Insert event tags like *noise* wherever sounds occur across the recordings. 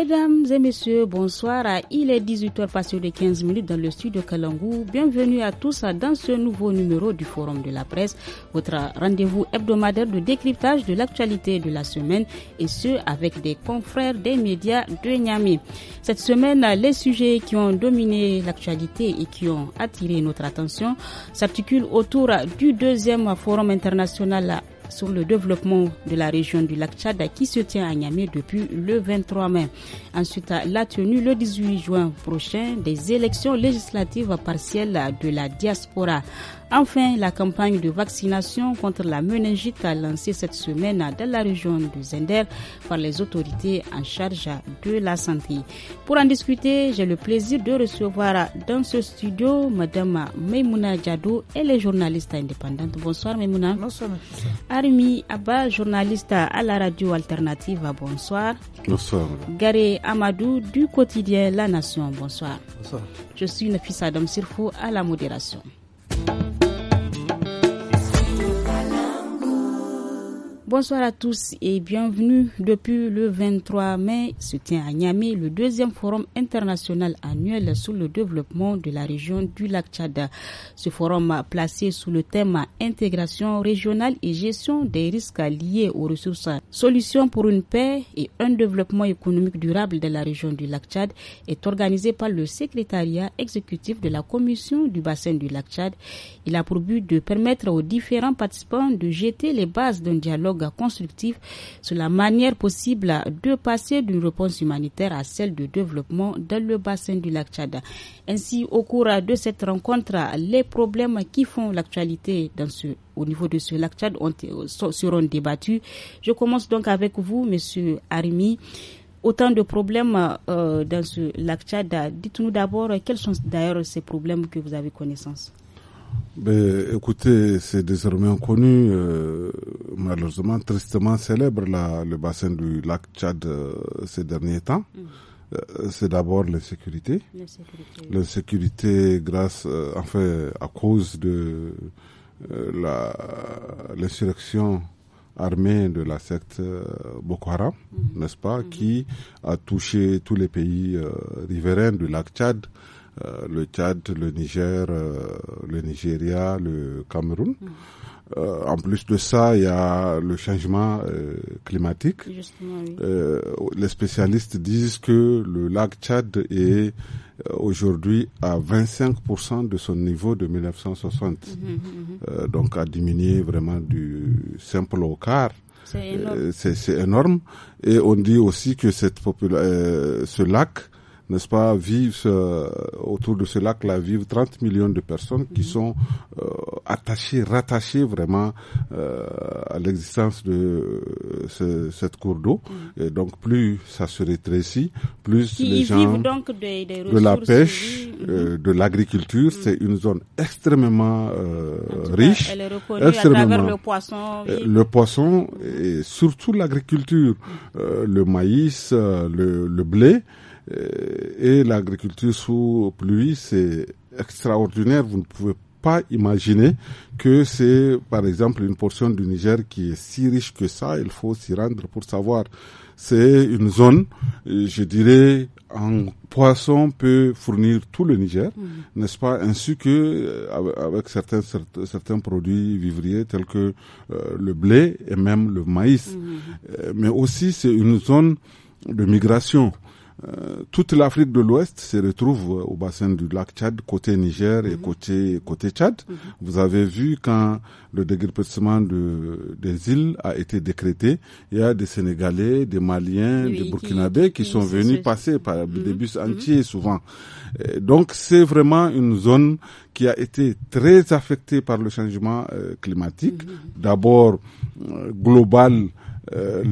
Mesdames et messieurs, bonsoir. Il est 18h passé de 15 minutes dans le studio Kalangou. Bienvenue à tous dans ce nouveau numéro du Forum de la presse, votre rendez-vous hebdomadaire de décryptage de l'actualité de la semaine et ce avec des confrères des médias de Niamey. Cette semaine, les sujets qui ont dominé l'actualité et qui ont attiré notre attention s'articulent autour du deuxième Forum international sur le développement de la région du lac Tchad qui se tient à Niamey depuis le 23 mai. Ensuite, la tenue le 18 juin prochain des élections législatives partielles de la diaspora. Enfin, la campagne de vaccination contre la meningite a lancé cette semaine dans la région du Zender par les autorités en charge de la santé. Pour en discuter, j'ai le plaisir de recevoir dans ce studio Madame Maimouna Djadou, et les journalistes indépendantes Bonsoir Maimouna. Bonsoir. Armi Abba, journaliste à la radio alternative. Bonsoir. Bonsoir. Garé Amadou du quotidien La Nation. Bonsoir. Bonsoir. Je suis Nafissa Adam Sirfou à la modération. あ Bonsoir à tous et bienvenue. Depuis le 23 mai, se tient à Niamey le deuxième forum international annuel sur le développement de la région du lac Tchad. Ce forum placé sous le thème intégration régionale et gestion des risques liés aux ressources, solutions pour une paix et un développement économique durable de la région du lac Tchad est organisé par le secrétariat exécutif de la commission du bassin du lac Tchad. Il a pour but de permettre aux différents participants de jeter les bases d'un dialogue constructif sur la manière possible de passer d'une réponse humanitaire à celle de développement dans le bassin du lac Tchad. Ainsi, au cours de cette rencontre, les problèmes qui font l'actualité dans ce au niveau de ce lac Tchad ont, euh, seront débattus. Je commence donc avec vous, Monsieur Arimi. Autant de problèmes euh, dans ce lac Tchad. Dites-nous d'abord quels sont d'ailleurs ces problèmes que vous avez connaissance écoutez, c'est désormais connu, euh, malheureusement, tristement célèbre la, le bassin du lac Tchad euh, ces derniers temps. Mm. Euh, c'est d'abord l'insécurité. L'insécurité grâce, enfin, à cause de l'insurrection armée de la secte Boko Haram, mm. n'est-ce pas, mm-hmm. qui a touché tous les pays riverains du lac Tchad euh, le Tchad, le Niger, euh, le Nigeria, le Cameroun. Hmm. Euh, en plus de ça, il y a le changement climatique. les spécialistes disent que le lac Tchad est aujourd'hui à 25% de son niveau de 1960. Mhm, mhm, mhm. donc a diminué vraiment du simple au quart. C'est énorme. énorme. Et on dit aussi que cette ce lac n'est-ce pas, vivent euh, autour de ce lac-là, vivent 30 millions de personnes qui mhm. sont euh, attachées, rattachées vraiment euh, à l'existence de ce, cette cour d'eau. Mhm. Et donc, plus ça se rétrécit, plus les gens vivent donc de la pêche, mhm. de l'agriculture. C'est une zone extrêmement riche, extrêmement à le poisson, le poisson et surtout l'agriculture, le maïs, le blé. Euh, et l'agriculture sous pluie, c'est extraordinaire. Vous ne pouvez pas imaginer que c'est, par exemple, une portion du Niger qui est si riche que ça. Il faut s'y rendre pour savoir. C'est une zone, euh, je dirais, en poisson peut fournir tout le Niger, mm. n'est-ce pas, ainsi que euh, avec certains certains produits vivriers tels que le blé et même le maïs. Mm. mais aussi, c'est une zone de migration. Euh, toute l'Afrique de l'Ouest se retrouve euh, au bassin du lac Tchad, côté Niger et mhm. côté côté Tchad. Mhm. Vous avez vu quand le dégrépissement de, des îles a été décrété, il y a des Sénégalais, des Maliens, des Burkinabés qui, sont venus passer par mhm. des bus entiers souvent. Euh, donc c'est vraiment une zone qui a été très affectée par le changement climatique, d'abord global euh,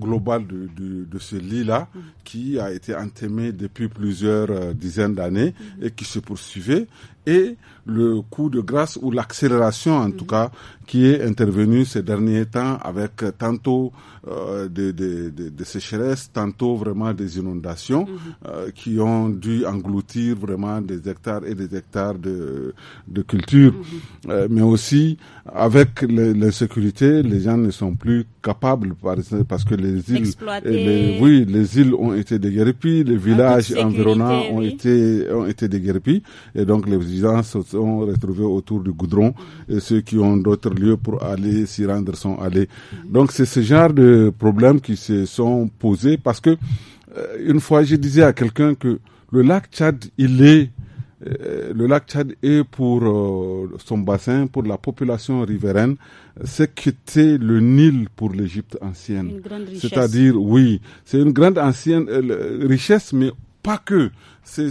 global de, ce lit-là, mm. qui a été entamé depuis plusieurs euh, dizaines d'années mm. et qui se poursuivait et le coup de grâce ou l'accélération en tout cas qui est intervenu ces derniers temps avec tantôt euh, des, des, des, sécheresses, tantôt vraiment des inondations mhm. euh, qui ont dû engloutir vraiment des hectares et des hectares de, de culture. Mhm. Euh, mais aussi avec l'insécurité, les, gens ne sont plus capables parce que les îles, oui, les îles ont été déguerpies, les villages environnants ont été ont été déguerpies et donc les gens se sont retrouvés autour du goudron et ceux qui ont d'autres lieux pour aller s'y rendre sont allés. Donc c'est ce genre de problèmes qui se sont posés parce que euh, une fois je disais à quelqu'un que le lac Tchad, il est euh, le lac Tchad est pour euh, son bassin, pour la population riveraine, ce qu'était le Nil pour l'Égypte ancienne. C'est-à-dire, oui, c'est une grande ancienne richesse, mais pas que. C'est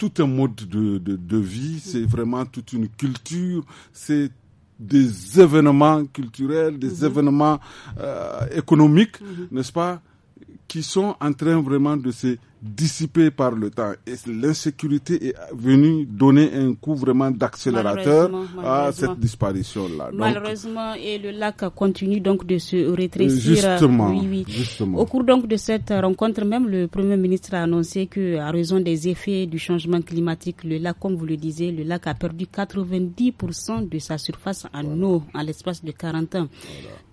tout un mode de, de, de vie, c'est vraiment toute une culture, c'est des événements culturels, des mhm. événements euh, économiques, mhm. n'est-ce pas, qui sont en train vraiment de se dissipé par le temps. Et l'insécurité est venue donner un coup vraiment d'accélérateur à cette disparition-là. Malheureusement, et le lac continue donc de se rétrécir. Justement, Au cours donc de cette rencontre, même le Premier ministre a annoncé que, à raison des effets du changement climatique, le lac, comme vous le disiez, le lac a perdu 90% de sa surface en eau en l'espace de 40 ans.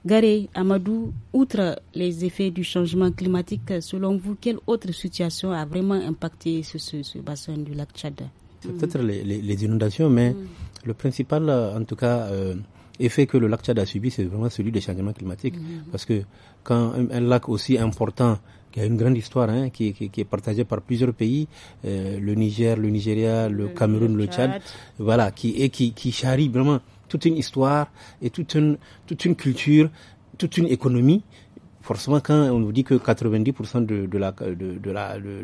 Garé, Amadou, outre les effets du changement climatique, selon vous, quelle autre situation a vraiment impacté ce, ce, bassin du lac Tchad. C'est peut-être les, inondations, mais le principal, en tout cas, euh, effet que le lac Tchad a subi, c'est vraiment celui des changements climatiques. Mm-hmm. Parce que quand un, lac aussi important, qui a une grande histoire, hein, qui, est partagé par plusieurs pays, euh, le Niger, le Nigeria, le, Cameroun, le Tchad, voilà, qui, et qui, qui charrie vraiment toute une histoire et toute une, toute une culture, toute une économie forcément quand on vous dit que 90% de, de, la de, de la de,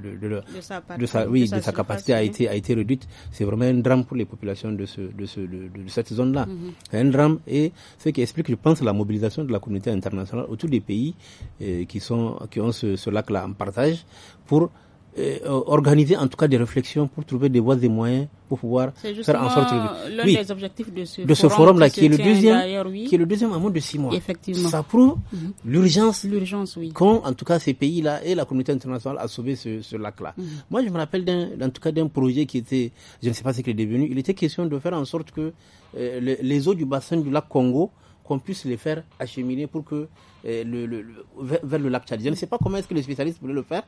de, sa, oui, sa capacité a été a été réduite, c'est vraiment un drame pour les populations de ce de ce de, cette zone là. Mm-hmm. un drame et ce qui explique, je pense, la mobilisation de la communauté internationale autour des pays euh, qui sont qui ont ce, ce lac là en partage pour euh, euh, organiser en tout cas des réflexions pour trouver des voies et moyens pour pouvoir faire en sorte que l'un des objectifs de ce, forum, là qui, est le deuxième qui est le deuxième en moins de six mois effectivement ça prouve mhm. l'urgence l'urgence oui qu'ont en tout cas ces pays là et la communauté internationale à sauver ce, ce lac là mhm. moi je me rappelle d'un en tout cas d'un projet qui était je ne sais pas ce qu'il est devenu il était question de faire en sorte que euh, les, eaux du bassin du lac Congo qu'on puisse les faire acheminer pour que le, le, vers, vers, le lac Tchad je ne sais pas comment est-ce que les spécialistes voulaient le faire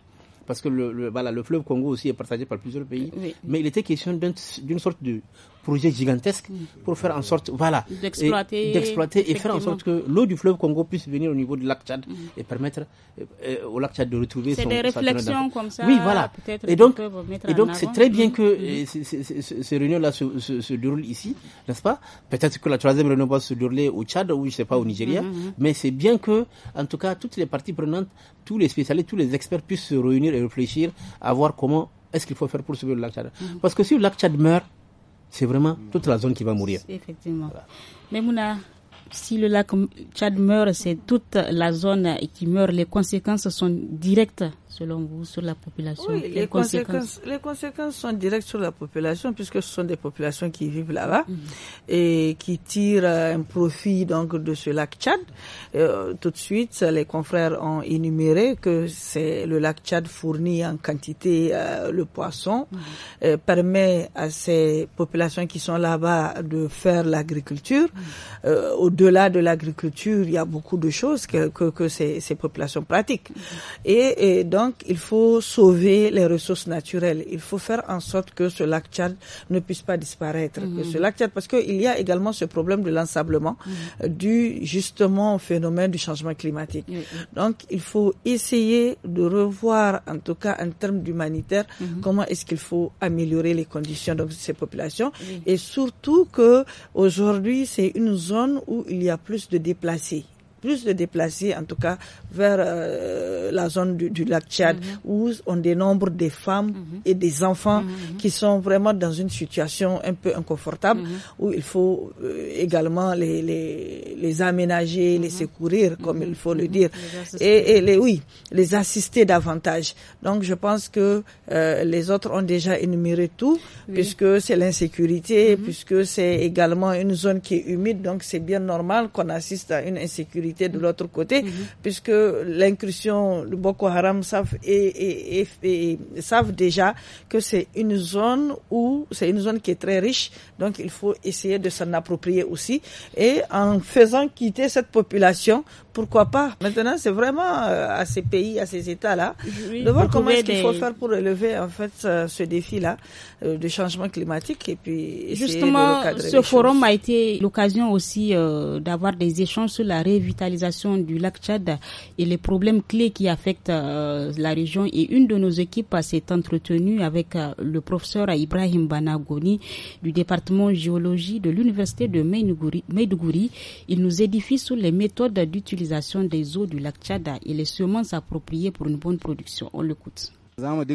parce que le, voilà, le fleuve Congo aussi est partagé par plusieurs pays, mais il était question d'une sorte de projet gigantesque mm. pour faire en sorte, voilà, d'exploiter et, faire en sorte que l'eau du fleuve Congo puisse venir au niveau du lac Tchad mm. et permettre euh, euh, au lac Tchad de retrouver son. C'est des réflexions comme ça. Oui, voilà. Et donc, et donc, c'est très bien que mm. euh, ces réunions-là se, déroulent ici, n'est-ce pas Peut-être que la troisième réunion va se dérouler au Tchad ou je sais pas au Nigeria, mais c'est bien que, en tout cas, toutes les parties prenantes, tous les spécialistes, tous les experts puissent se réunir et réfléchir à voir comment est-ce qu'il faut faire pour sauver le lac Tchad. Parce que si le lac Tchad meurt, c'est vraiment toute la zone qui va mourir. Effectivement. Mais Mouna, si le lac Tchad meurt, c'est toute la zone qui meurt. Les conséquences sont directes selon vous, sur la population les, conséquences, Les conséquences sont directes sur la population, puisque ce sont des populations qui vivent là-bas mhm. et qui tirent un profit donc de ce lac Tchad. Euh, tout de suite, les confrères ont énuméré que c'est le lac Tchad fournit en quantité euh, le poisson, mhm. euh, permet à ces populations qui sont là-bas de faire l'agriculture. Mhm. Euh, au-delà de l'agriculture, il y a beaucoup de choses que, que, que ces, ces, populations pratiquent. Et, et donc, donc, il faut sauver les ressources naturelles. Il faut faire en sorte que ce lac Tchad ne puisse pas disparaître. Mhm. Que lac parce qu'il y a également ce problème de l'ensablement mhm. euh, dû justement au phénomène du changement climatique. Donc, il faut essayer de revoir, en tout cas en termes d'humanitaire, mhm. comment est-ce qu'il faut améliorer les conditions de ces populations et surtout que aujourd'hui c'est une zone où il y a plus de déplacés plus de déplacer, en tout cas, vers euh, la zone du, lac Tchad, mhm. où on dénombre des femmes mhm. et des enfants mhm, qui sont vraiment dans une situation un peu inconfortable, où il faut euh, également les, les, aménager, les secourir, comme il faut le dire, et, les, oui, les assister davantage. Donc, je pense que euh, les autres ont déjà énuméré tout, puisque c'est l'insécurité, puisque c'est également une zone qui est humide, donc c'est bien normal qu'on assiste à une insécurité de mm-hmm. l'autre côté, mm-hmm. puisque l'incursion, le Boko Haram savent, et savent déjà que c'est une zone où c'est une zone qui est très riche, donc il faut essayer de s'en approprier aussi. Et en faisant quitter cette population, pourquoi pas Maintenant, c'est vraiment euh, à ces pays, à ces États-là, de voir comment est-ce qu'il faut faire pour relever en fait euh, ce défi-là euh, du changement climatique et puis justement ce forum a été l'occasion aussi euh, d'avoir des échanges sur la révitalisation du lac Tchad et les problèmes clés qui affectent la région. Et une de nos équipes s'est entretenue avec le professeur Ibrahim Banagoni du département géologie de l'université de Maiduguri. Il nous édifie sur les méthodes d'utilisation des eaux du lac Tchada et les semences appropriées pour une bonne production. On l'écoute. Nous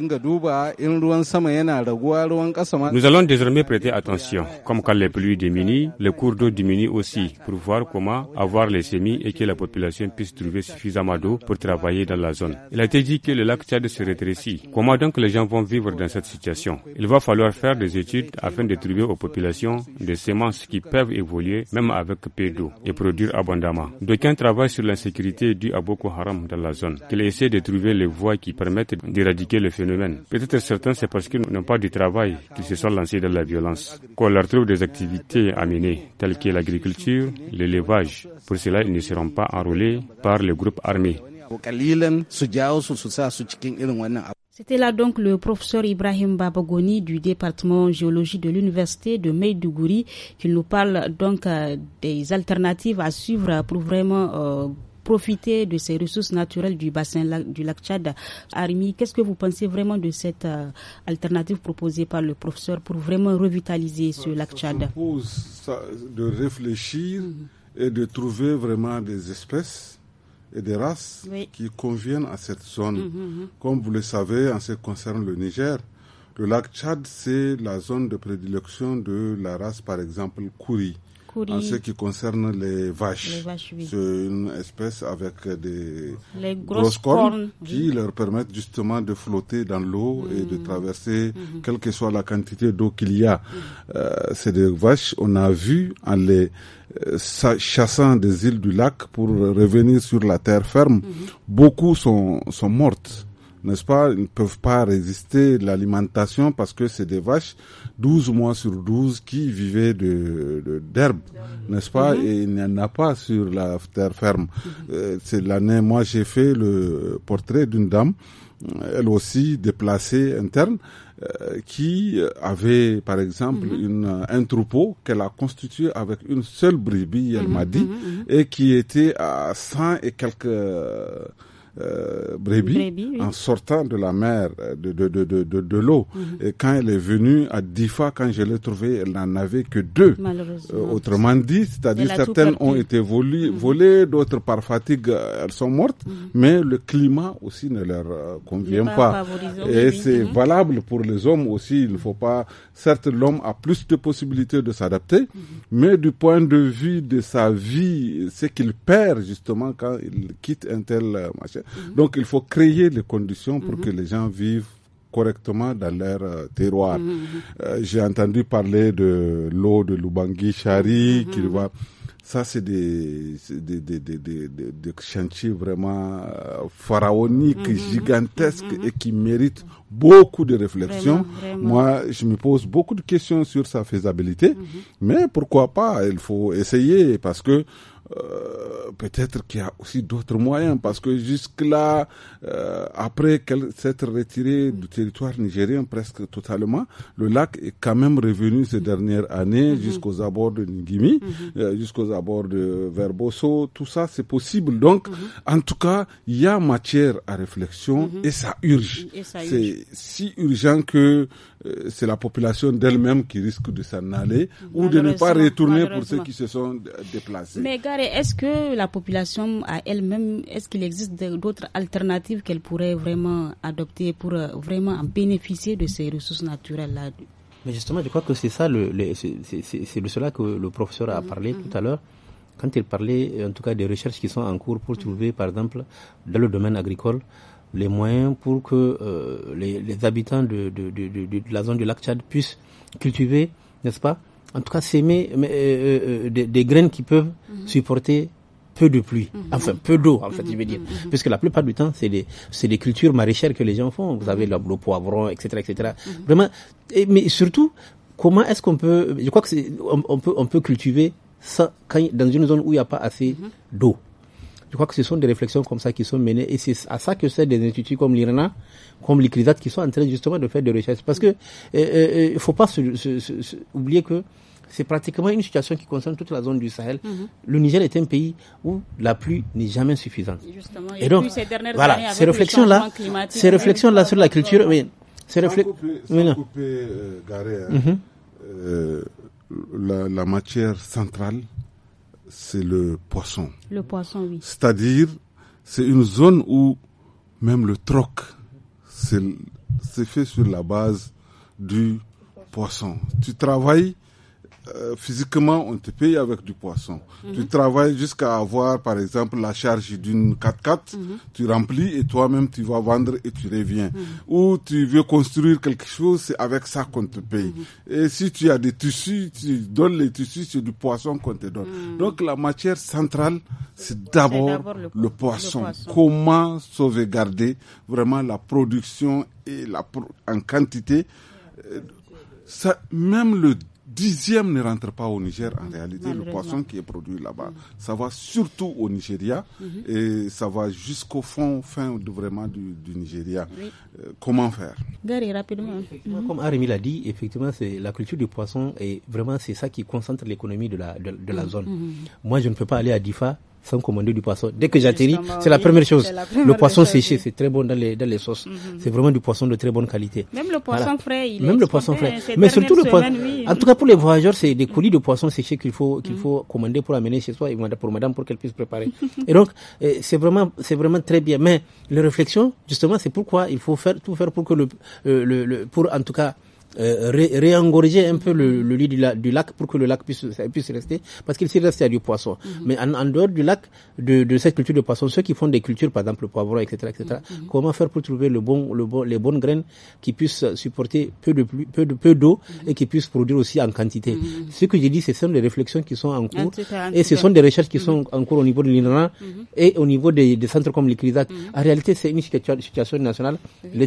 allons désormais prêter attention. Comme quand les pluies diminuent, le cours d'eau diminue aussi pour voir comment avoir les semis et que la population puisse trouver suffisamment d'eau pour travailler dans la zone. Il a été dit que le lac Tchad se rétrécit. Comment donc les gens vont vivre dans cette situation Il va falloir faire des études afin de trouver aux populations des semences qui peuvent évoluer même avec peu d'eau et produire abondamment. D'aucuns travail sur l'insécurité due à Boko Haram dans la zone. qu'il essaie de trouver les voies qui permettent d'éradiquer le phénomène. Peut-être certains, c'est parce qu'ils n'ont pas du travail qu'ils se sont lancés dans la violence. Qu'on leur trouve des activités à mener, telles que l'agriculture, l'élevage. Pour cela, ils ne seront pas enrôlés par les groupes armés. C'était là donc le professeur Ibrahim Babagoni du département géologie de l'université de Meiduguri qui nous parle donc euh, des alternatives à suivre pour vraiment euh, profiter de ces ressources naturelles du bassin du lac Tchad. Armi, qu'est-ce que vous pensez vraiment de cette euh, alternative proposée par le professeur pour vraiment revitaliser ce bah, lac Tchad Je propose, de réfléchir mhm. et de trouver vraiment des espèces et des races qui conviennent à cette zone. Mhm, mhm. Comme vous le savez, en ce qui concerne le Niger, le lac Tchad, c'est la zone de prédilection de la race, par exemple, Kouri. En ce qui concerne les vaches, c'est une espèce avec des grosses, cornes, qui leur permettent justement de flotter dans l'eau et de mm. traverser, mm-hmm. quelle que soit la quantité d'eau qu'il y a. Mm. Euh, c'est des vaches, on a vu en les euh, chassant des îles du lac pour revenir sur la terre ferme, mm-hmm. beaucoup sont mortes n'est-ce pas, ils ne peuvent pas résister l'alimentation parce que c'est des vaches 12 mois sur 12 qui vivaient de d'herbe, n'est-ce pas, mhm. et il n'y en a pas sur la terre ferme. Mhm. Euh, c'est l'année, moi j'ai fait le portrait d'une dame, elle aussi déplacée interne, euh, qui avait par exemple mhm. une, un troupeau qu'elle a constitué avec une seule brebis, elle m'a dit, et qui était à 100 et quelques euh, brebis, en sortant de la mer, euh, de, de, de, de, de, l'eau. Mhm. Et quand elle est venue, à dix fois, quand je l'ai trouvée, elle n'en avait que deux. Euh, autrement dit, c'est-à-dire certaines ont été volées, mhm. volées d'autres par fatigue, euh, elles sont mortes, mhm. mais le climat aussi ne leur convient pas. Et c'est valable pour les hommes aussi. Il ne faut pas. Certes, l'homme a plus de possibilités de s'adapter, mais du point de vue de sa vie, c'est qu'il perd justement quand il quitte un tel machin Mhm. Donc il faut créer les conditions pour mhm. que les gens vivent correctement dans leur euh, terroir. Mhm. Euh, j'ai entendu parler de l'eau de Lubangui Chari qui va ça c'est des chantiers vraiment euh, pharaoniques, gigantesques et qui méritent beaucoup de réflexion. Moi, je me pose beaucoup de questions sur sa faisabilité, mais pourquoi pas Il faut essayer parce que euh, peut-être qu'il y a aussi d'autres moyens, parce que jusque-là, euh, après qu'elle s'être retirée du territoire nigérien presque totalement, le lac est quand même revenu ces dernières années mhm. jusqu'aux abords de Ngimi, mhm. euh, jusqu'aux abords de Verboso. Tout ça, c'est possible. Donc, mhm. en tout cas, il y a matière à réflexion et ça urge. C'est si urgent que euh, c'est la population d'elle-même qui risque de s'en aller ou de ne pas retourner pour ceux qui se sont déplacés. Mais, est-ce que la population à elle-même, est-ce qu'il existe d'autres alternatives qu'elle pourrait vraiment adopter pour euh, vraiment bénéficier de ces ressources naturelles-là Mais justement, je crois que c'est ça, le, c'est de cela que le professeur a mhm, parlé mhm. tout à l'heure quand il parlait euh, en tout cas des recherches qui sont en cours pour mhm. trouver par exemple dans le domaine agricole les moyens pour que euh, les, habitants de, de, la zone du lac Tchad puissent cultiver, n'est-ce pas, en tout cas c'est euh, euh, euh, des, des, graines qui peuvent mhm. supporter peu de pluie, mhm. enfin peu d'eau en fait, mhm. je veux dire, parce que la plupart du temps c'est des cultures maraîchères que les gens font. Vous avez le, poivron, etc., etc. Vraiment, mais surtout comment est-ce qu'on peut, je crois que on, peut on peut cultiver ça dans une zone où il n'y a pas assez d'eau. Je crois que ce sont des réflexions comme ça qui sont menées et c'est à ça que c'est des instituts comme l'IRNA, comme l'ICRISAT qui sont en train justement de faire des recherches. Parce que il euh, euh, euh, faut pas oublier que c'est pratiquement une situation qui concerne toute la zone du Sahel. Mhm. Le Niger est un pays où la pluie n'est jamais suffisante. et, donc, ces voilà, ces réflexions-là, ces réflexions-là sur la culture, mais ces réflexions. Hein, mhm. la matière centrale c'est le poisson. Le poisson, oui. C'est-à-dire, c'est une zone où même le troc, c'est fait sur la base du poisson. Tu travailles euh, physiquement, on te paye avec du poisson. Mhm. Tu travailles jusqu'à avoir, par exemple, la charge d'une 4x4, mhm. tu remplis et toi-même, tu vas vendre et tu reviens. Mhm. Ou tu veux construire quelque chose, c'est avec ça qu'on te paye. Et si tu as des tissus, tu donnes les tissus, c'est du poisson qu'on te donne. Donc la matière centrale, c'est d'abord le, poisson. Comment sauvegarder vraiment la production et la en quantité euh, ça, même le dixième ne rentre pas au Niger en réalité, le poisson qui est produit là-bas. Ça va surtout au Nigeria mhm. et ça va jusqu'au fond, fin vraiment du, Nigeria. Euh, comment faire Gary, rapidement. Comme Arémi l'a dit, effectivement, c'est la culture du poisson et vraiment c'est ça qui concentre l'économie de la, de la mm. zone. Mm. Moi, je ne peux pas aller à Difa sans commander du poisson. Dès que j'atterris, c'est la première chose. le poisson séché, c'est très bon dans les, dans les sauces. Mhm. C'est vraiment du poisson de très bonne qualité. Même le poisson frais, Même le poisson frais. Hein, Mais surtout le poisson. En tout cas, pour les voyageurs, c'est des colis de poisson séché qu'il faut, qu'il mhm. faut commander pour amener chez soi et pour madame pour qu'elle puisse préparer. *laughs* et donc, euh, c'est vraiment, c'est vraiment très bien. Mais les réflexions, justement, c'est pourquoi il faut faire, tout faire pour que le, euh, le pour en tout cas, euh, réengorger un peu le, lit du, lac pour que le lac puisse, puisse rester, parce qu'il s'est reste, à du poisson. Mhm. Mais en, en, dehors du lac, de, de, cette culture de poisson, ceux qui font des cultures, par exemple le poivron, etc., etc., mhm. comment faire pour trouver le bon, le bon, les bonnes graines qui puissent supporter peu de peu de peu d'eau mhm. et qui puissent produire aussi en quantité. Ce que j'ai dit, ce sont des réflexions qui sont en ah, cours et ce sont des recherches qui sont en cours au niveau de l'INRA et au niveau des, centres comme l'ICRISAC. En réalité, c'est une situation nationale.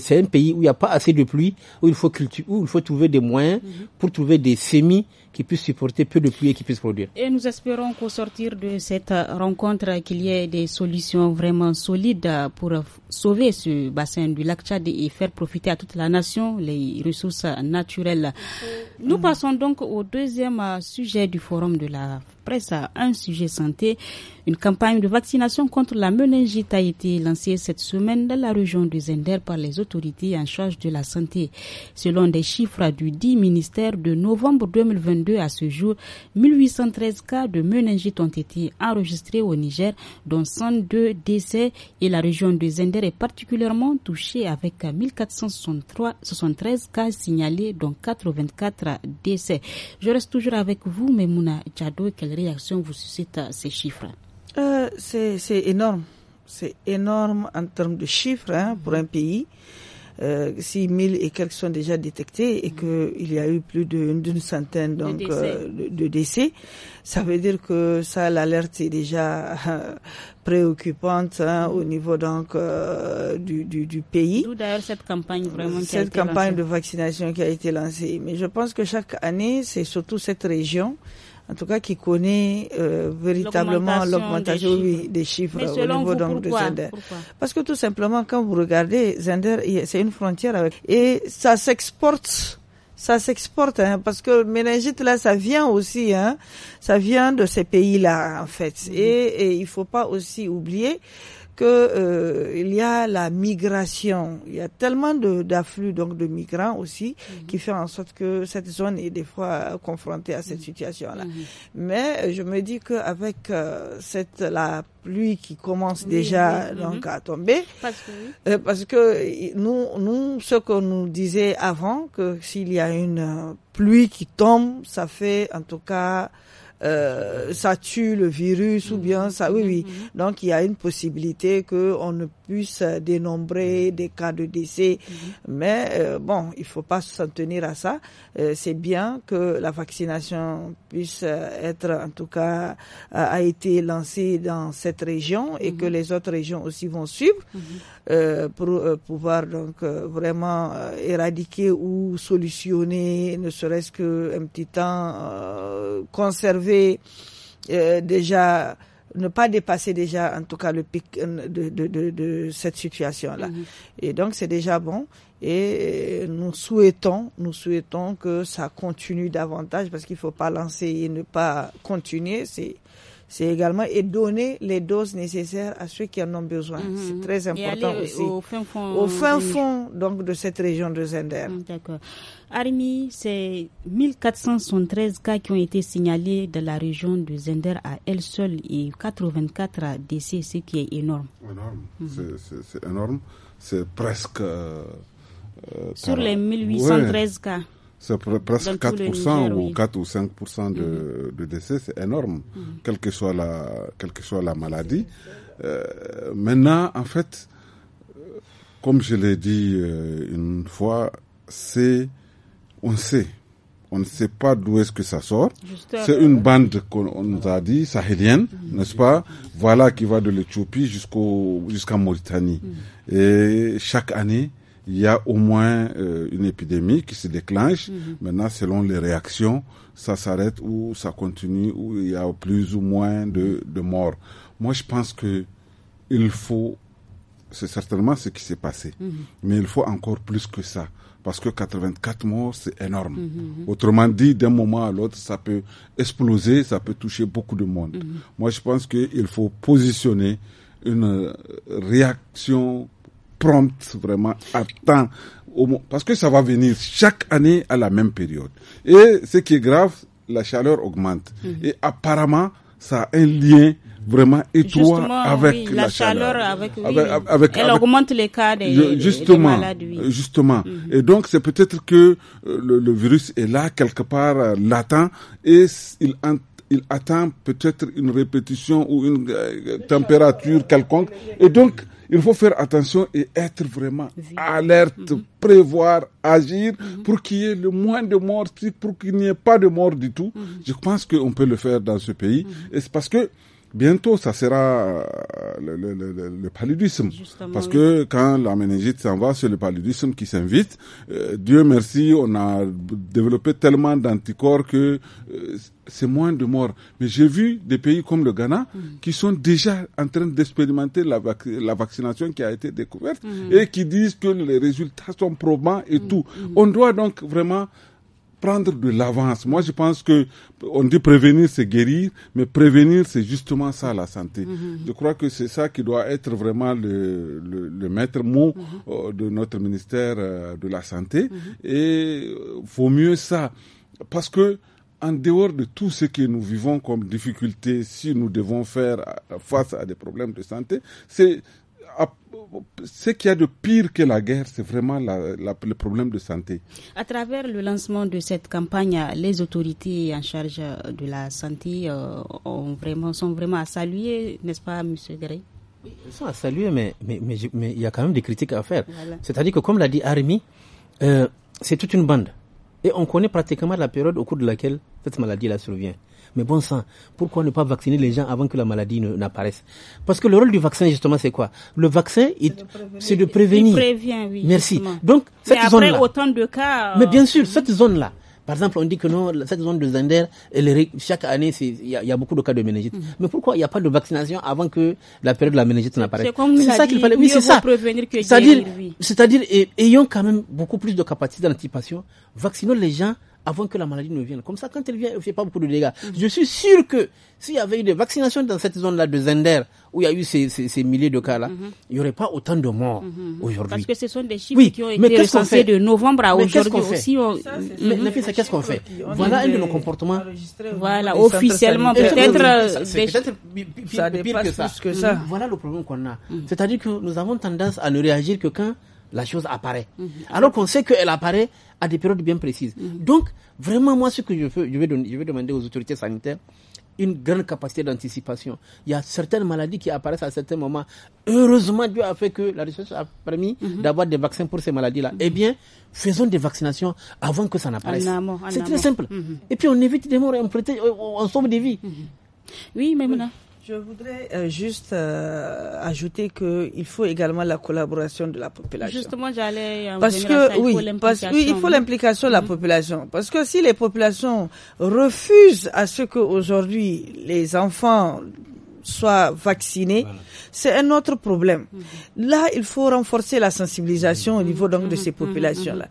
C'est un pays où il n'y a pas assez de pluie, où il faut cultiver, où il faut faut trouver des moyens pour trouver des semis qui puisse supporter peu de pluie et qui puisse produire. Et nous espérons qu'au sortir de cette rencontre, qu'il y ait des solutions vraiment solides pour sauver ce bassin du lac Tchad et faire profiter à toute la nation les ressources naturelles. Nous passons donc au deuxième sujet du forum de la presse un sujet santé. Une campagne de vaccination contre la meningite a été lancée cette semaine dans la région du Zender par les autorités en charge de la santé. Selon des chiffres du dit ministère de novembre 2022, à ce jour, 1813 cas de meningite ont été enregistrés au Niger, dont 102 décès et la région de Zender est particulièrement touchée avec 1473 cas signalés, dont 84 décès. Je reste toujours avec vous, Memouna Tchado. Quelle réaction vous suscite à ces chiffres euh, C'est énorme. C'est énorme en termes de chiffres hein, pour un pays euh, 6 000 et quelques sont déjà détectés et que il y a eu plus d'une centaine donc, euh, de, décès. Ça veut dire que ça, l'alerte est déjà *laughs* préoccupante hein, au niveau donc euh, du, pays. d'ailleurs cette campagne vraiment. campagne de vaccination qui a été lancée. Mais je pense que chaque année, c'est surtout cette région en tout cas qui connaît euh, véritablement l'augmentation des, oui, des, chiffres au niveau donc, de Zender. Parce que tout simplement, quand vous regardez Zender, c'est une frontière avec et ça s'exporte. Ça s'exporte hein, parce que méningite là, ça vient aussi, hein, ça vient de ces pays-là en fait. et, et il faut pas aussi oublier que euh, il y a la migration. Il y a tellement d'afflux donc de migrants aussi mhm. qui fait en sorte que cette zone est des fois confrontée à cette mhm. situation-là. Mhm. Mais je me dis qu'avec euh, cette la pluie qui commence déjà donc à tomber, parce que, euh, parce que, nous nous ce qu'on nous disait avant que s'il y a une euh, pluie qui tombe, ça fait en tout cas euh, ça tue le virus ou bien ça. Oui, oui. Mhm. Donc il y a une possibilité que on ne puisse dénombrer mhm. des cas de décès, mhm. mais euh, bon, il faut pas s'en tenir à ça. Euh, c'est bien que la vaccination puisse être, en tout cas, a, été lancée dans cette région et que les autres régions aussi vont suivre pour pouvoir donc vraiment éradiquer ou solutionner, ne serait-ce que un petit temps, conserver euh, déjà ne pas dépasser déjà en tout cas le pic euh, de, de, cette situation là mhm. et donc c'est déjà bon et euh, nous souhaitons nous souhaitons que ça continue davantage parce qu'il faut pas lancer et ne pas continuer c'est c'est également et donner les doses nécessaires à ceux qui en ont besoin. Mhm. C'est très important aussi. Au fin fond, donc de cette région de Zender. Ah, d'accord. Armi, c'est 1473 cas qui ont été signalés de la région de Zender à elle seule et 84 décès, ce qui est énorme. Énorme. Mhm. C'est énorme. C'est presque. Euh, euh, Sur les 1813 cas c'est presque 4% ou 4 ou 5% de, mhm. de décès, c'est énorme, mhm. quelle, que soit la, quelle que soit la maladie. Euh, maintenant, en fait, comme je l'ai dit euh, une fois, c'est, on sait, on ne sait pas d'où est-ce que ça sort. C'est une bande qu'on nous a dit, sahélienne, mhm. n'est-ce pas Voilà qui va de l'Éthiopie jusqu'au jusqu'à Mauritanie. Et chaque année, il y a au moins euh, une épidémie qui se déclenche. Mhm. Maintenant, selon les réactions, ça s'arrête ou ça continue ou il y a plus ou moins de, morts. Moi, je pense que il faut, c'est certainement ce qui s'est passé, mhm. mais il faut encore plus que ça. Parce que 84 morts, c'est énorme. Mhm, Autrement dit, d'un moment à l'autre, ça peut exploser, ça peut toucher beaucoup de monde. Moi, je pense qu'il faut positionner une euh, réaction prompte vraiment à temps. Parce que ça va venir chaque année à la même période. Et ce qui est grave, la chaleur augmente. Mhm. Et apparemment, ça a un lien vraiment étroit avec la, chaleur. avec, elle augmente les cas des, justement, Justement. Mhm. Et donc, c'est peut-être que euh, le, virus est là, quelque part, euh, latent, et il entre il attend peut-être une répétition ou une euh, température quelconque. Et donc, il faut faire attention et être vraiment alerte, mm-hmm. prévoir, agir mm-hmm. pour qu'il y ait le moins de morts, pour qu'il n'y ait pas de morts du tout. Mm-hmm. Je pense qu'on peut le faire dans ce pays. Et c'est parce que bientôt ça sera euh, le, le, paludisme. Parce que quand la méningite s'en va, c'est le paludisme qui s'invite. Euh, Dieu merci, on a développé tellement d'anticorps que euh, c'est moins de morts. Mais j'ai vu des pays comme le Ghana mm. qui sont déjà en train d'expérimenter la, vaccination qui a été découverte mm. et qui disent que les résultats sont probants et mm. tout. On doit donc vraiment prendre de l'avance. Moi, je pense que on dit prévenir, c'est guérir, mais prévenir, c'est justement ça, la santé. Mm-hmm, mm-hmm. Je crois que c'est ça qui doit être vraiment le, le, maître mot mm-hmm. euh, de notre ministère euh, de la Santé. Et euh, vaut mieux ça. Parce que en dehors de tout ce que nous vivons comme difficulté, si nous devons faire euh, face à des problèmes de santé, c'est ce qu'il y a de pire que la guerre, c'est vraiment le problème de santé. À travers le lancement de cette campagne, les autorités en charge de la santé euh, ont vraiment, sont vraiment à saluer, n'est-ce pas, M. Gray Ils sont à saluer, mais il y a quand même des critiques à faire. C'est-à-dire que, comme l'a dit Armi, euh, c'est toute une bande. Et on connaît pratiquement la période au cours de laquelle cette maladie-là survient. Mais bon sang, pourquoi ne pas vacciner les gens avant que la maladie n'apparaisse Parce que le rôle du vaccin, justement, c'est quoi Le vaccin, c'est de prévenir. oui, Merci. Donc, cette après, zone -là, autant de cas... Mais bien sûr, euh, cette zone-là, par exemple, on dit que non, cette zone de Zender, chaque année, il y, a beaucoup de cas de méningite. Mm. Mais pourquoi il n'y a pas de vaccination avant que la période de la méningite n'apparaisse C'est ça qu'il fallait. Oui, c'est ça. C'est-à-dire, ayant ayons quand même beaucoup plus de capacité d'anticipation. Vaccinons les gens avant que la maladie ne vienne. Comme ça, quand elle vient, elle ne fait pas beaucoup de dégâts. Je suis sûr que s'il y avait eu des vaccinations dans cette zone-là de Zender, où il y a eu ces, milliers de cas-là, mhm. il n'y aurait pas autant de morts mhm. aujourd'hui. Parce que ce sont des chiffres qui ont été recensés de novembre à aujourd'hui aussi. Ça, mais qu'est-ce qu'on fait Voilà un de nos comportements. Voilà, officiellement, peut-être. Peut-être pire, que mm. ça. Voilà le problème qu'on a. Mm. C'est-à-dire que nous avons tendance à ne réagir que quand la chose apparaît. Mhm. Alors qu'on sait qu'elle apparaît à des périodes bien précises. Mhm. Donc, vraiment, moi, ce que je veux, je vais, demander aux autorités sanitaires une grande capacité d'anticipation. Il y a certaines maladies qui apparaissent à certains moments. Heureusement, Dieu a fait que la recherche a permis mhm. d'avoir des vaccins pour ces maladies-là. Eh bien, faisons des vaccinations avant que ça n'apparaisse. C'est très simple. Et puis, on évite des morts et on, on sauve des vies. Oui, mais maintenant je voudrais euh, juste euh, ajouter ajouter il faut également la collaboration de la population. Justement, j'allais parce que oui, parce il faut l'implication de la mhm. population. Parce que si les populations refusent à ce que aujourd'hui les enfants soient vaccinés, c'est un autre problème. Mhm. Là, il faut renforcer la sensibilisation au mhm. niveau donc de ces populations-là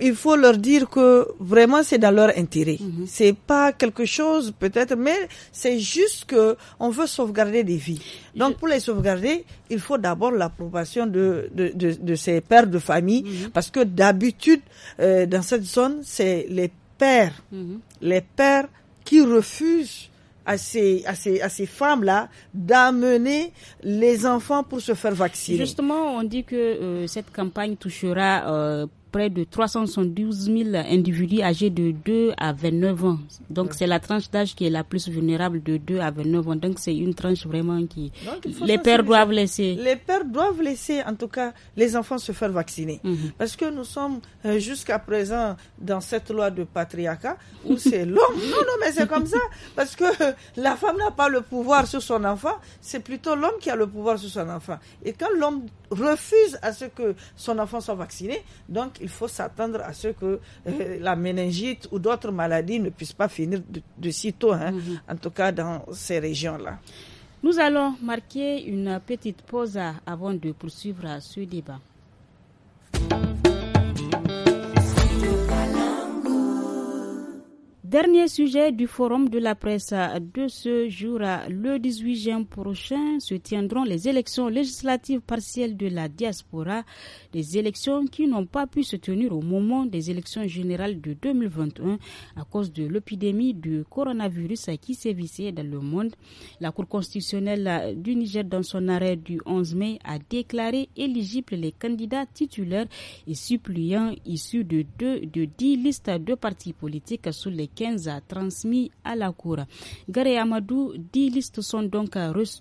il faut leur dire que vraiment c'est dans leur intérêt. Mhm. C'est pas quelque chose peut-être, mais c'est juste que on veut sauvegarder des vies. Donc pour les sauvegarder, il faut d'abord l'approbation de, de, de, de, ces pères de famille, mhm. parce que d'habitude euh, dans cette zone, c'est les pères, mhm. les pères qui refusent à ces, à ces, à ces femmes-là d'amener les enfants pour se faire vacciner. Justement, on dit que euh, cette campagne touchera euh, près de 372 000 individus âgés de 2 à 29 ans. Donc, c'est la tranche d'âge qui est la plus vulnérable de 2 à 29 ans. Donc, c'est une tranche vraiment qui... les pères doivent laisser... Les pères doivent laisser, en tout cas, les enfants se faire vacciner. Mhm. Parce que nous sommes euh, jusqu'à présent dans cette loi de patriarcat où c'est *laughs* l'homme. Non, non, mais c'est comme ça. Parce que *laughs* la femme n'a pas le pouvoir sur son enfant. C'est plutôt l'homme qui a le pouvoir sur son enfant. Et quand l'homme refuse à ce que son enfant soit vacciné, donc il faut s'attendre à ce que euh, la méningite ou d'autres maladies ne puissent pas finir de, si tôt, hein. mhm. en tout cas dans ces régions-là. Nous allons marquer une petite pause euh, avant de poursuivre euh, ce débat. Dernier sujet du forum de la presse de ce jour, le 18 juin prochain, se tiendront les élections législatives partielles de la diaspora, des élections qui n'ont pas pu se tenir au moment des élections générales de 2021 à cause de l'épidémie du coronavirus qui sévissait dans le monde. La Cour constitutionnelle du Niger, dans son arrêt du 11 mai, a déclaré éligibles les candidats titulaires et suppliants issus de, deux, de 10 listes de partis politiques sous les 15 transmis à la Cour. Gare Amadou, 10 listes sont donc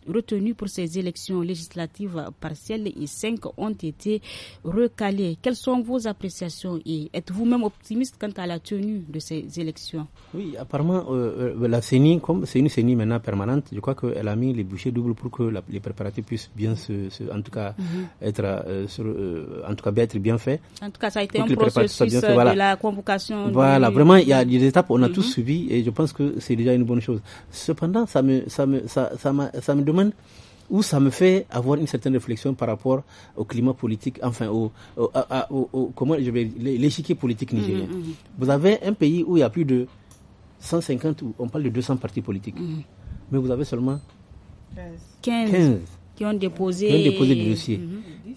retenues pour ces élections législatives partielles et 5 ont été recalées. Quelles sont vos appréciations et êtes-vous même optimiste quant à la tenue de ces élections Oui, apparemment, euh, euh, la CENI, comme c'est une CENI maintenant permanente, je crois qu'elle a mis les bouchées doubles pour que les préparatifs puissent bien se, en tout cas, mhm. être, euh, en tout cas, bien être bien faits. En tout cas, ça a été un processus de la convocation. Voilà, vraiment, il y a des étapes, on a mm subi et je pense que c'est déjà une bonne chose. Cependant, ça me, ça me, ça, ça, ça me demande où ça me fait avoir une certaine réflexion par rapport au climat politique, enfin au, à, au, comment je vais l'échiquier politique mhm, nigérien. Mhm. Vous avez un pays où il y a plus de 150, on parle de 200 partis politiques, mhm. mais vous avez seulement 15, qui ont déposé, qui ont déposé des dossiers.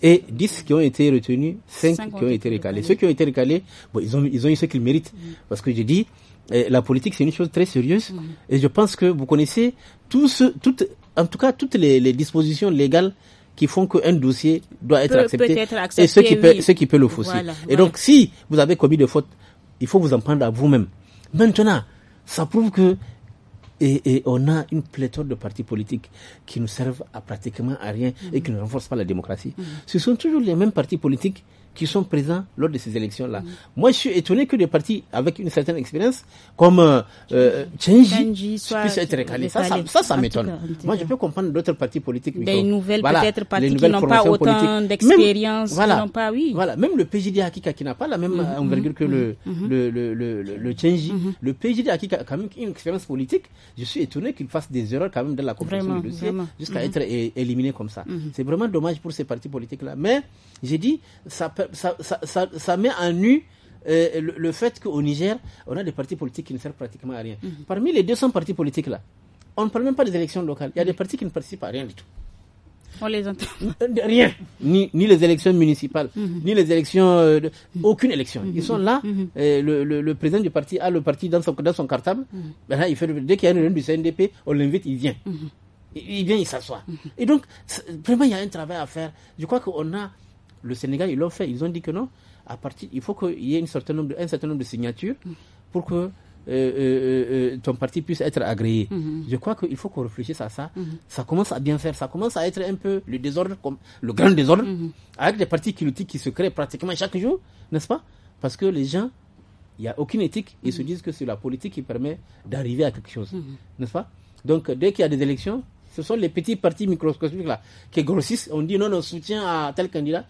Et 10 qui ont été retenus, 5, qui ont été récalés. Ceux qui ont été récalés, bon, ils, ont, ils ont eu ce qu'ils méritent. Parce que j'ai dit, et la politique, c'est une chose très sérieuse. Mm. Et je pense que vous connaissez tous, toutes, en tout cas, toutes les, dispositions légales qui font qu'un dossier doit être, accepté, et ce qui, peut, ce qui peut le fausser. et donc, si vous avez commis des fautes, il faut vous en prendre à vous-même. Maintenant, ça prouve que et, on a une pléthore de partis politiques qui ne servent à pratiquement à rien et mm. qui ne renforcent pas la démocratie. Mm. Ce sont toujours les mêmes partis politiques qui sont présents lors de ces élections-là. Moi, je suis étonné que des partis avec une certaine expérience, comme euh, puissent être récalés. Ça, ça, m'étonne. Moi, je peux comprendre d'autres partis politiques. Des nouvelles, peut-être, partis qui n'ont pas autant d'expérience, voilà, même le PJD Akika qui n'a pas la même envergure que le, le, le, le, le PJD Akika a quand même une expérience politique. Je suis étonné qu'il fasse des erreurs quand même dans la compréhension du dossier jusqu'à être éliminé comme ça. C'est vraiment dommage pour ces partis politiques-là. Mais, j'ai dit, ça peut ça, met en nu euh, le, fait fait qu'au Niger, on a des partis politiques qui ne servent pratiquement à rien. Mhm. Parmi les 200 partis politiques là, on ne parle même pas des élections locales. Il y a mhm. des partis qui ne participent à rien du tout. On les entend. Euh, rien. Ni, ni, les élections municipales, mhm. ni les élections. Euh, aucune élection. Ils sont là. le, président du parti a le parti dans son, cartable. Ben il fait, dès qu'il y a une réunion du CNDP, on l'invite, il vient. il, il vient, il s'assoit. Et donc, vraiment, il y a un travail à faire. Je crois qu'on a le Sénégal, ils l'ont fait. Ils ont dit que non, à partir, il faut qu'il y ait nombre, un certain nombre de signatures mm. pour que euh, euh, euh, ton parti puisse être agréé. Mm-hmm. Je crois qu'il faut qu'on réfléchisse à ça. Mm-hmm. Ça commence à bien faire. Ça commence à être un peu le désordre, comme le grand désordre, mm-hmm. avec des partis politiques qui se créent pratiquement chaque jour, n'est-ce pas Parce que les gens, il n'y a aucune éthique. Ils se disent que c'est la politique qui permet d'arriver à quelque chose, n'est-ce pas Donc, dès qu'il y a des élections, ce sont les petits partis microscopiques là qui grossissent. On dit non, on soutient à tel candidat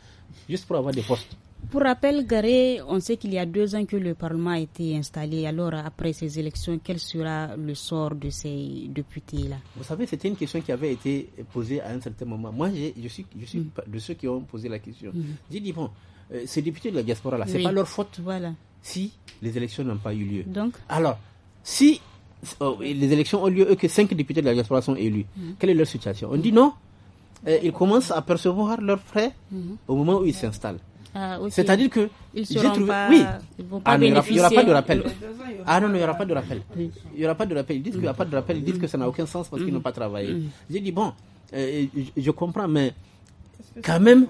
juste pour avoir des postes. Pour rappel, Garé, on sait qu'il y a deux ans que le Parlement a été installé. Alors, après ces élections, quel sera le sort de ces députés-là Vous savez, c'était une question qui avait été posée à un certain moment. Moi, je suis, je suis mm-hmm. de ceux qui ont posé la question. Mm-hmm. J'ai dit, bon, euh, ces députés de la diaspora-là, ce c'est pas leur faute voilà. si les élections n'ont pas eu lieu. Donc Alors, si oh, les élections ont lieu eux que cinq députés de la diaspora sont élus, mm-hmm. quelle est leur situation On dit non, ils commencent à percevoir leurs frais mhm. au moment où ils s'installent. Ah, C'est-à-dire que j'ai trouvé. Pas... Oui, pas ah, il n'y aura, pas de rappel. Ah non, il n'y aura pas de rappel. Il n'y aura pas de rappel. Ils disent qu'il n'y a pas de rappel. Ils disent que ça n'a aucun sens parce qu'ils mhm. n'ont pas travaillé. Mhm. J'ai dit, bon, euh, je, comprends, mais quand même,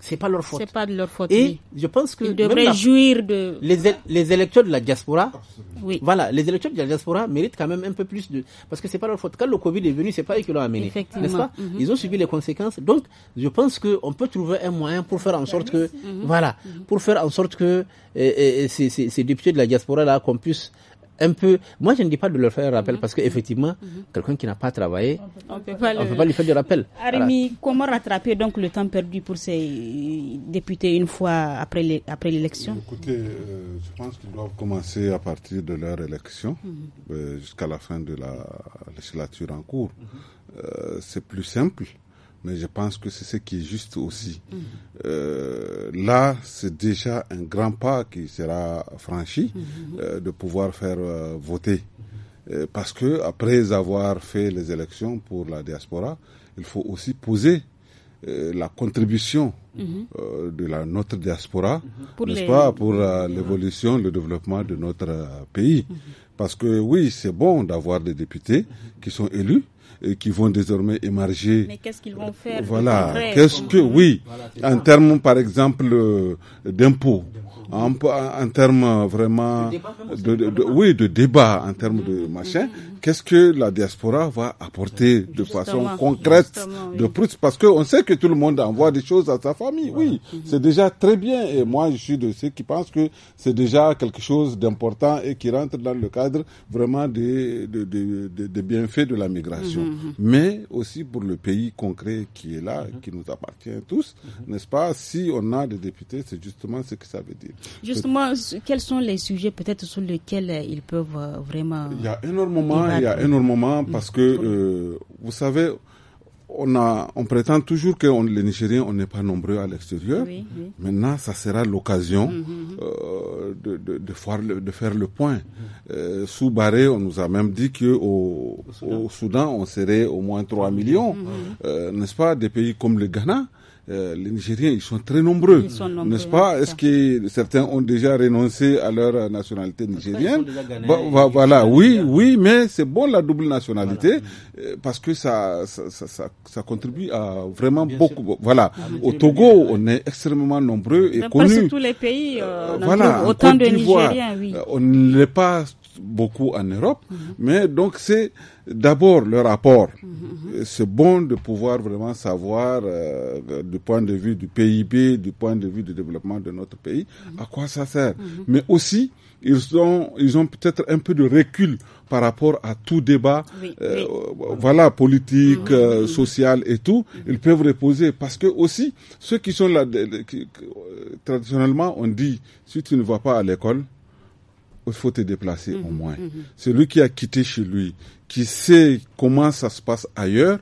c'est pas leur faute. C'est pas de leur faute. Et je pense que. Ils jouir de. Les, électeurs de la diaspora. Voilà, les électeurs de la diaspora méritent quand même un peu plus de. Parce que c'est pas leur faute. Quand le Covid est venu, c'est pas eux qui l'ont amené. N'est-ce pas mhm. Ils ont subi les conséquences. Donc, je pense qu'on peut trouver un moyen pour faire en sorte que. Mhm. Voilà. Pour faire en sorte que ces, députés de la diaspora, là, qu'on puisse un peu. Moi, je ne dis pas de leur faire un rappel mhm. parce qu'effectivement, mhm. mhm. quelqu'un qui n'a pas travaillé, on ne peut, pas, lui faire du rappel. Arimi, comment rattraper donc le temps perdu pour ces députés une fois après l'élection Écoutez, euh, je pense qu'ils doivent commencer à partir de leur élection euh, jusqu'à la fin de la législature en cours. Euh, c'est plus simple mais je pense que c'est ce qui est juste aussi. Mm. Euh, là, c'est déjà un grand pas qui sera franchi mm-hmm. euh, de pouvoir faire euh, voter. parce que après avoir fait les élections pour la diaspora, il faut aussi poser la contribution Mhm. Euh, de la, notre diaspora, mhm. n'est-ce pas, pour euh, mhm. l'évolution, le développement de notre euh, pays. Parce que oui, c'est bon d'avoir des députés qui sont élus, et qui vont désormais émerger Mais qu'est-ce qu'ils vont faire Voilà. Qu'est-ce que, oui, en termes, par exemple, d'impôts, en, termes vraiment de, oui, de débat, en termes de machin, qu'est-ce que la diaspora va apporter de façon concrète de plus Parce qu'on sait que tout le monde envoie des choses à sa famille. Oui, mhm. c'est déjà très bien. Et moi, je suis de ceux qui pensent que c'est déjà quelque chose d'important et qui rentre dans le cadre vraiment des, des, des, des bienfaits de la migration. Mhm, mhm. Mais aussi pour le pays concret qui est là, qui nous appartient tous, n'est-ce pas Si on a des députés, c'est justement ce que ça veut dire. Justement, quels sont les sujets peut-être sur lesquels euh, ils peuvent euh, vraiment... Il y a énormément, il y a énormément parce que, euh, vous savez, on, a, on prétend toujours que les Nigériens, on n'est pas nombreux à l'extérieur. Maintenant, ça sera l'occasion mhm, mhm. Euh, de, de, faire le, point. Mhm. Euh, sous Barré, on nous a même dit que au, Soudan. on serait au moins 3 millions, euh, n'est-ce pas, des pays comme le Ghana. Euh, les Nigériens, ils sont très nombreux, n'est-ce pas Est-ce que certains ont déjà renoncé à leur nationalité nigérienne Voilà, oui, oui, mais c'est bon la double nationalité euh, parce que ça ça, ça, contribue à vraiment beaucoup. Voilà, au Togo, on est extrêmement nombreux et connus. Dans tous les pays, euh, voilà, autant de Nigériens, oui. On n'est pas beaucoup en Europe, mais donc c'est d'abord le rapport. C'est bon de pouvoir vraiment savoir euh, du point de vue du PIB, du point de vue du développement de notre pays, à quoi ça sert. Mais aussi, ils ont, ils ont peut-être un peu de recul par rapport à tout débat, euh, voilà, politique, euh, social et tout. Ils peuvent reposer parce que aussi, ceux qui sont là, traditionnellement, on dit, si tu ne vas pas à l'école, faut te déplacer au mhm, moins. Mhm. Celui qui a quitté chez lui, qui sait comment ça se passe ailleurs,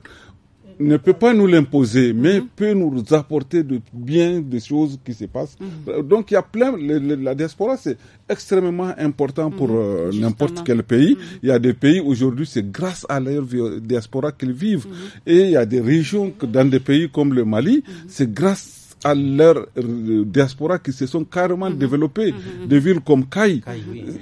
ne peut pas nous l'imposer, mais mhm. peut nous apporter de bien des choses qui se passent. Euh, donc il y a plein, la diaspora c'est extrêmement important pour euh, n'importe quel pays. Il y a des pays aujourd'hui c'est grâce à leur euh, diaspora qu'ils vivent, et il y a des régions dans des pays comme le Mali, c'est grâce à leur euh, diaspora qui se sont carrément mhm. développées. Mhm, mhm. Des villes comme Caille,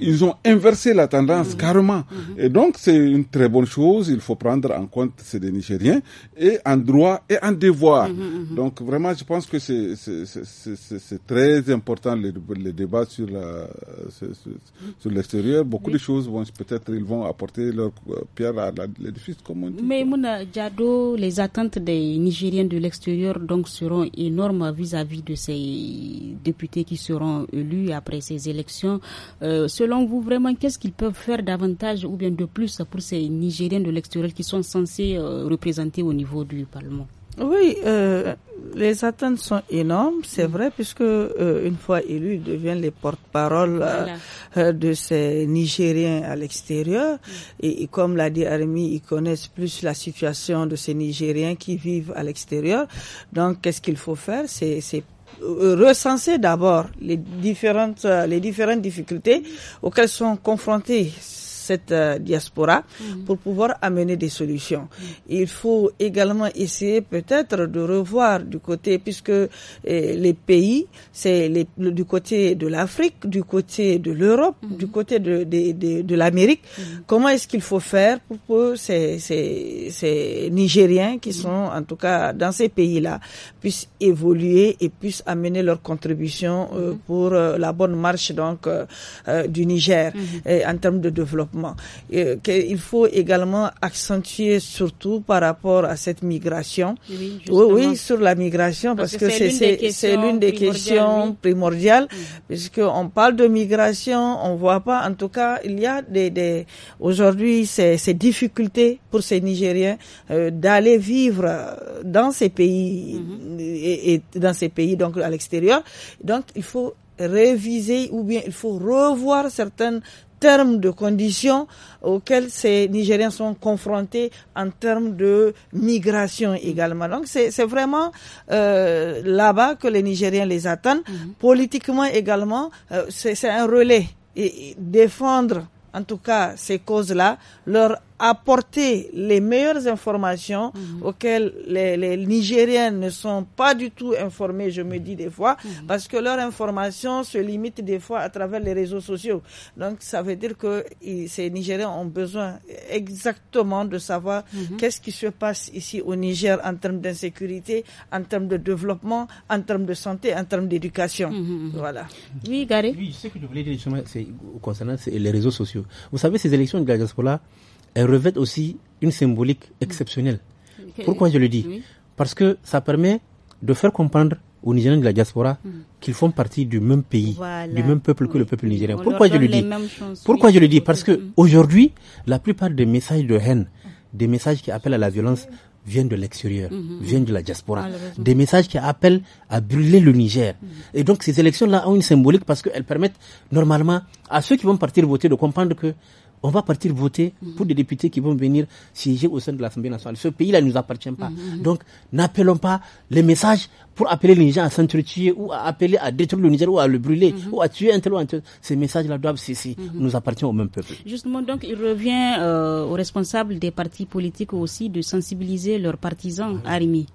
ils ont inversé la tendance carrément. Et donc, c'est une très bonne chose. Il faut prendre en compte ces des Nigériens et en droit et en devoir. Donc, vraiment, je pense que c'est très important le, débat sur la, sur l'extérieur. Beaucoup de choses vont peut-être ils vont apporter leur euh, pierre à l'édifice, comme on dit. Mais Mouna Diado, les attentes des Nigériens de l'extérieur donc seront énormes vis-à-vis de ces députés qui seront élus après ces élections. Euh, selon vous, vraiment, qu'est-ce qu'ils peuvent faire davantage ou bien de plus pour ces Nigériens de l'extérieur qui sont censés euh, représenter au niveau du Parlement oui, euh, les attentes sont énormes, c'est mm. vrai, puisque euh, une fois élu, il devient les porte-parole euh, de ces Nigériens à l'extérieur. Mm. Et, comme l'a dit Armi, ils connaissent plus la situation de ces Nigériens qui vivent à l'extérieur. Donc, qu'est-ce qu'il faut faire C'est recenser d'abord les différentes les différentes difficultés mm. auxquelles sont confrontés cette euh, diaspora mhm. pour pouvoir amener des solutions. Il faut également essayer peut-être de revoir du côté, puisque euh, les pays, c'est du côté de l'Afrique, du côté de l'Europe, mhm. du côté de, l'Amérique, mhm. comment est-ce qu'il faut faire pour que ces, Nigériens qui sont en tout cas dans ces pays-là puissent évoluer et puissent amener leur contribution euh, pour la bonne marche donc du Niger en termes de développement qu'il faut également accentuer surtout par rapport à cette migration. Oui, oui, sur la migration, parce, que, c'est l'une des questions primordiales, puisqu'on parle de migration, on voit pas, en tout cas, il y a des, des aujourd'hui ces, ces difficultés pour ces Nigériens euh, d'aller vivre dans ces pays mm-hmm. et, et dans ces pays donc à l'extérieur. Donc il faut réviser ou bien il faut revoir certaines termes de conditions auxquelles ces Nigériens sont confrontés en termes de migration mm-hmm. également. Donc c'est vraiment euh, là-bas que les Nigériens les attendent. Mm-hmm. Politiquement également, euh, c'est un relais. Et, et défendre en tout cas ces causes-là, leur apporter les meilleures informations mhm. auxquelles les, Nigériens ne sont pas du tout informés, je me dis des fois, mhm. parce que leur information se limite des fois à travers les réseaux sociaux. Donc ça veut dire que ces Nigériens ont besoin exactement de savoir mhm. qu'est-ce qui se passe ici au Niger en termes d'insécurité, en termes de développement, en termes de santé, en termes d'éducation. Voilà. Oui, Gary. Oui, ce que je voulais dire c'est concernant les réseaux sociaux. Vous savez, ces élections de la elle revêt aussi une symbolique exceptionnelle. Pourquoi je le dis Parce que ça permet de faire comprendre aux Nigériens de la diaspora mm. qu'ils font partie du même pays, du même peuple que le peuple nigérien. Pourquoi je le dis Pourquoi je le dis Parce que mm. aujourd'hui, la plupart des messages de haine, des messages qui appellent à la violence, viennent de l'extérieur, mm-hmm. viennent de la diaspora. des messages qui appellent à brûler le Niger. Mm. Et donc ces élections-là ont une symbolique parce qu'elles permettent normalement à ceux qui vont partir voter de comprendre que on va partir voter mm. pour des députés qui vont venir siéger au sein de l'Assemblée nationale. Ce pays-là ne nous appartient pas. Mm, mm, donc, n'appelons pas les messages pour appeler les gens à s'entretuer ou à appeler à détruire le Niger ou à le brûler mm-hmm. ou à tuer un tel ou un tel. Ces messages-là doivent cesser. Mm-hmm. Nous appartenons au même peuple. Justement, donc, il revient euh, aux responsables des partis politiques aussi de sensibiliser leurs partisans, mm-hmm. Arimi.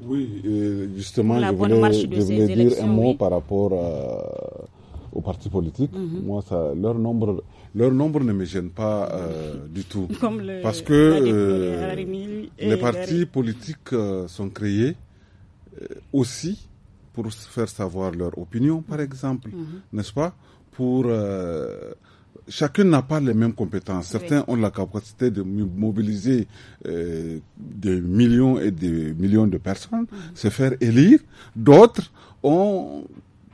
Oui, euh, justement, je voulais, je dire un mot par rapport à aux partis politiques. Mhm. Moi, ça, leur nombre, leur nombre ne me gêne pas euh, du tout, *laughs* parce que euh, les partis politiques euh, sont créés aussi pour faire savoir leur opinion, par exemple, mhm. n'est-ce pas Pour chacun n'a pas les mêmes compétences. Certains ont la capacité de mobiliser des millions et des millions de personnes, mhm. se faire élire. D'autres ont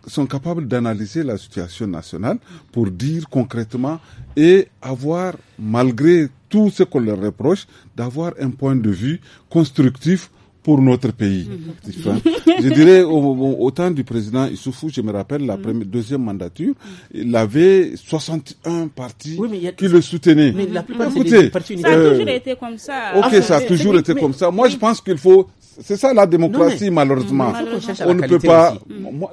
sont capables d'analyser la situation nationale pour dire concrètement et avoir, malgré tout ce qu'on leur reproche, d'avoir un point de vue constructif pour notre pays. je dirais, au, temps du président Issoufou, je me rappelle, la première, deuxième mandature, il avait 61 partis qui le soutenaient. Mais la plupart, Écoutez, des... ça a euh, toujours été comme ça. Ok, ça a ah, toujours été comme ça. Moi, je pense qu'il faut c'est ça la démocratie, malheureusement. On ne peut pas.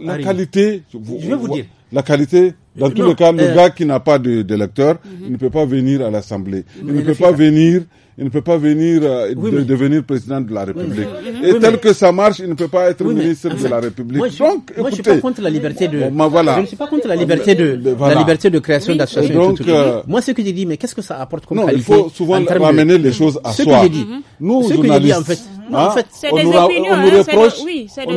La qualité. je vais vous dire. La qualité, dans tout euh, tous les cas, le euh, gars qui n'a pas d'électeur, mhm. il ne peut pas venir à l'Assemblée. Il, ne peut pas venir, il ne peut pas venir euh, devenir président de la République. Et tel que ça marche, il ne peut pas être ministre de la République. Moi, je, moi, je suis pas contre la liberté de. Je ne suis pas contre la liberté de, la liberté de création d'association. Donc, moi, ce que j'ai dit, mais qu'est-ce que ça apporte comme non, Il faut souvent ramener les choses à soi. dit. Nous, ce journalistes, en fait, non, on des nous, opinions,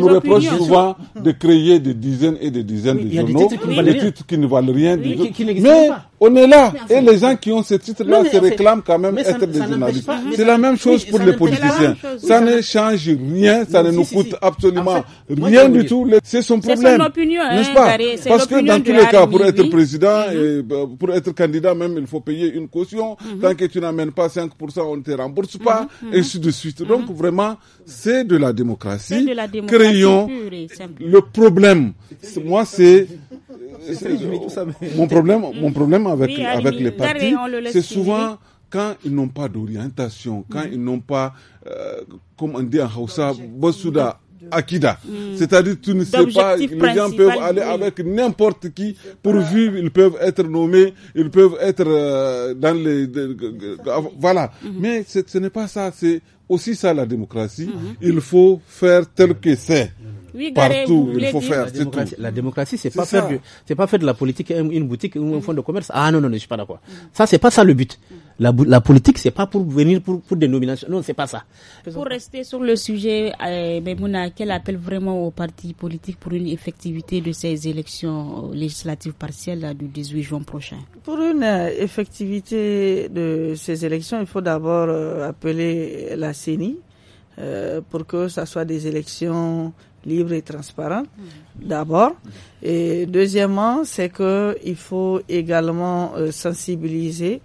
nous reproche, souvent de créer des dizaines et des dizaines de journaux, des titres qui ne valent rien, Mais on est là. Et les gens qui ont ce titre-là se réclament quand même être des journalistes. C'est la même chose pour les politiciens. Ça ne change rien, ça ne nous coûte absolument rien du tout. C'est son problème. N'est-ce hein, pas Parce que dans tous les cas, pour être président, mm-hmm. et euh, pour être candidat même, il faut payer une caution. Mm-hmm. Tant que tu n'amènes pas 5%, on ne te rembourse pas, mm-hmm. et ainsi de suite. Donc vraiment, c'est de la démocratie. Créons le problème. Moi, c'est mon problème, mon problème avec, avec les partis, c'est souvent quand ils n'ont pas d'orientation, quand mhm. ils n'ont pas, euh, comme on dit en Hausa, Bosuda, Akida. Mhm. C'est-à-dire, tu ne sais pas, les gens peuvent aller avec n'importe qui, pour vivre. ils peuvent être nommés, ils peuvent être euh, dans les. voilà. Mhm. Mais ce n'est pas ça, c'est aussi ça la démocratie. Mhm. Il faut faire tel que c'est. Partout, il faut faire. La démocratie, c'est pas faire, c'est pas faire de la politique une boutique ou un mhm. fonds de commerce. Ah non non, non je suis pas d'accord. Ça c'est pas ça le but. Mhm. La, la politique, c'est pas pour venir pour, pour des nominations. Non, c'est pas ça. Pour rester sur le sujet, euh, quel appel vraiment aux partis politiques pour une effectivité de ces élections euh, législatives partielles du 18 juin prochain Pour une euh, effectivité de ces élections, il faut d'abord appeler la CENI pour que ça soit des élections libres et transparentes, mm. d'abord. Et deuxièmement, c'est que il faut également sensibiliser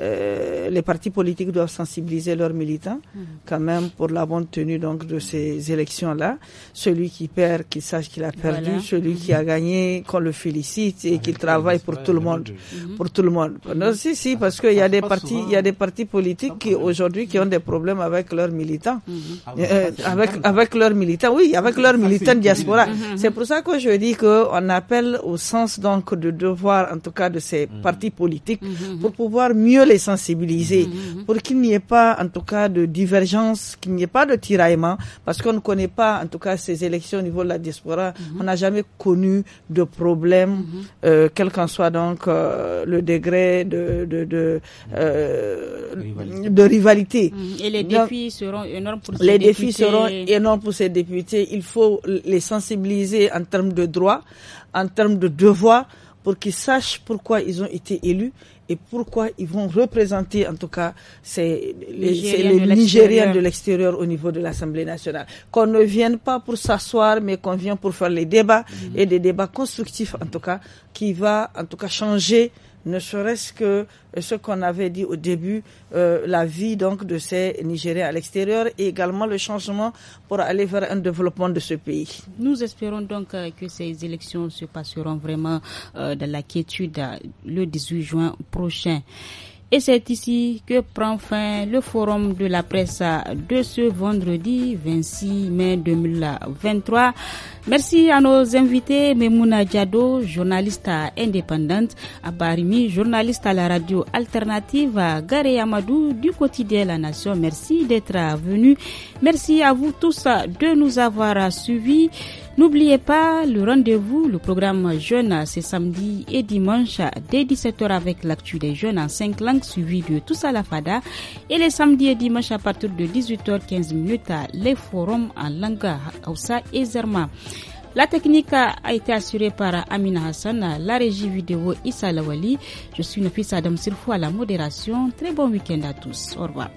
euh, les partis politiques doivent sensibiliser leurs militants mhm. quand même pour la bonne tenue donc de ces élections là. Celui qui perd, qu'il sache qu'il a perdu. Celui qui a gagné, qu'on le félicite et qu'il travaille pour tout le monde, mhm. pour tout le monde. Non, mhm. si si, parce qu'il y a des partis, il y a des partis politiques qui aujourd'hui qui ont des problèmes avec leurs militants, ah euh, avec avec leurs militants. Oui, avec leurs militants diaspora. C'est pour ça que je dis que on appelle au sens donc de devoir, en tout cas de ces partis politiques, pour pouvoir mieux les sensibiliser mhm, mhm, mhm. pour qu'il n'y ait pas, en tout cas, de divergence, qu'il n'y ait pas de tiraillement, parce qu'on ne connaît pas, en tout cas, ces élections au niveau de la diaspora. On n'a jamais connu de problème, euh, quel qu'en soit donc euh, le degré de de, de, euh, rivalité. Et les défis seront énormes pour ces les défis seront énormes pour ces députés. Il faut les sensibiliser en termes de droits, en termes de devoirs, pour qu'ils sachent pourquoi ils ont été élus et pourquoi ils vont représenter en tout cas ces, les, Nigériens de l'extérieur au niveau de l'Assemblée nationale. Qu'on ne vienne pas pour s'asseoir, mais qu'on vienne pour faire les débats mhm. et des débats constructifs en tout cas qui va en tout cas changer ne serait-ce que euh, ce qu'on avait dit au début, euh, la vie donc de ces Nigériens à l'extérieur et également le changement pour aller vers un développement de ce pays. Nous espérons donc euh, que ces élections se passeront vraiment de dans la quiétude le 18 juin prochain. Et c'est ici que prend fin le forum de la presse de ce vendredi 26 mai 2023. Merci à nos invités, Memouna Diado, journaliste indépendante, à Abarimi, journaliste à la radio alternative, Gare Amadou du quotidien La Nation. Merci d'être venu. Merci à vous tous de nous avoir suivis. N'oubliez pas le rendez-vous, le programme Jeunes, c'est samedi et dimanche dès 17h avec l'actu des jeunes en 5 langues suivi de Tous à la Fada et les samedis et dimanches à partir de 18h15 minutes les forums en langue Hausa et Zerma. La technique a été assurée par Amina Hassan, la régie vidéo Issa Lawali. Je suis fille Adam Sirfou à la modération. Très bon week-end à tous. Au revoir.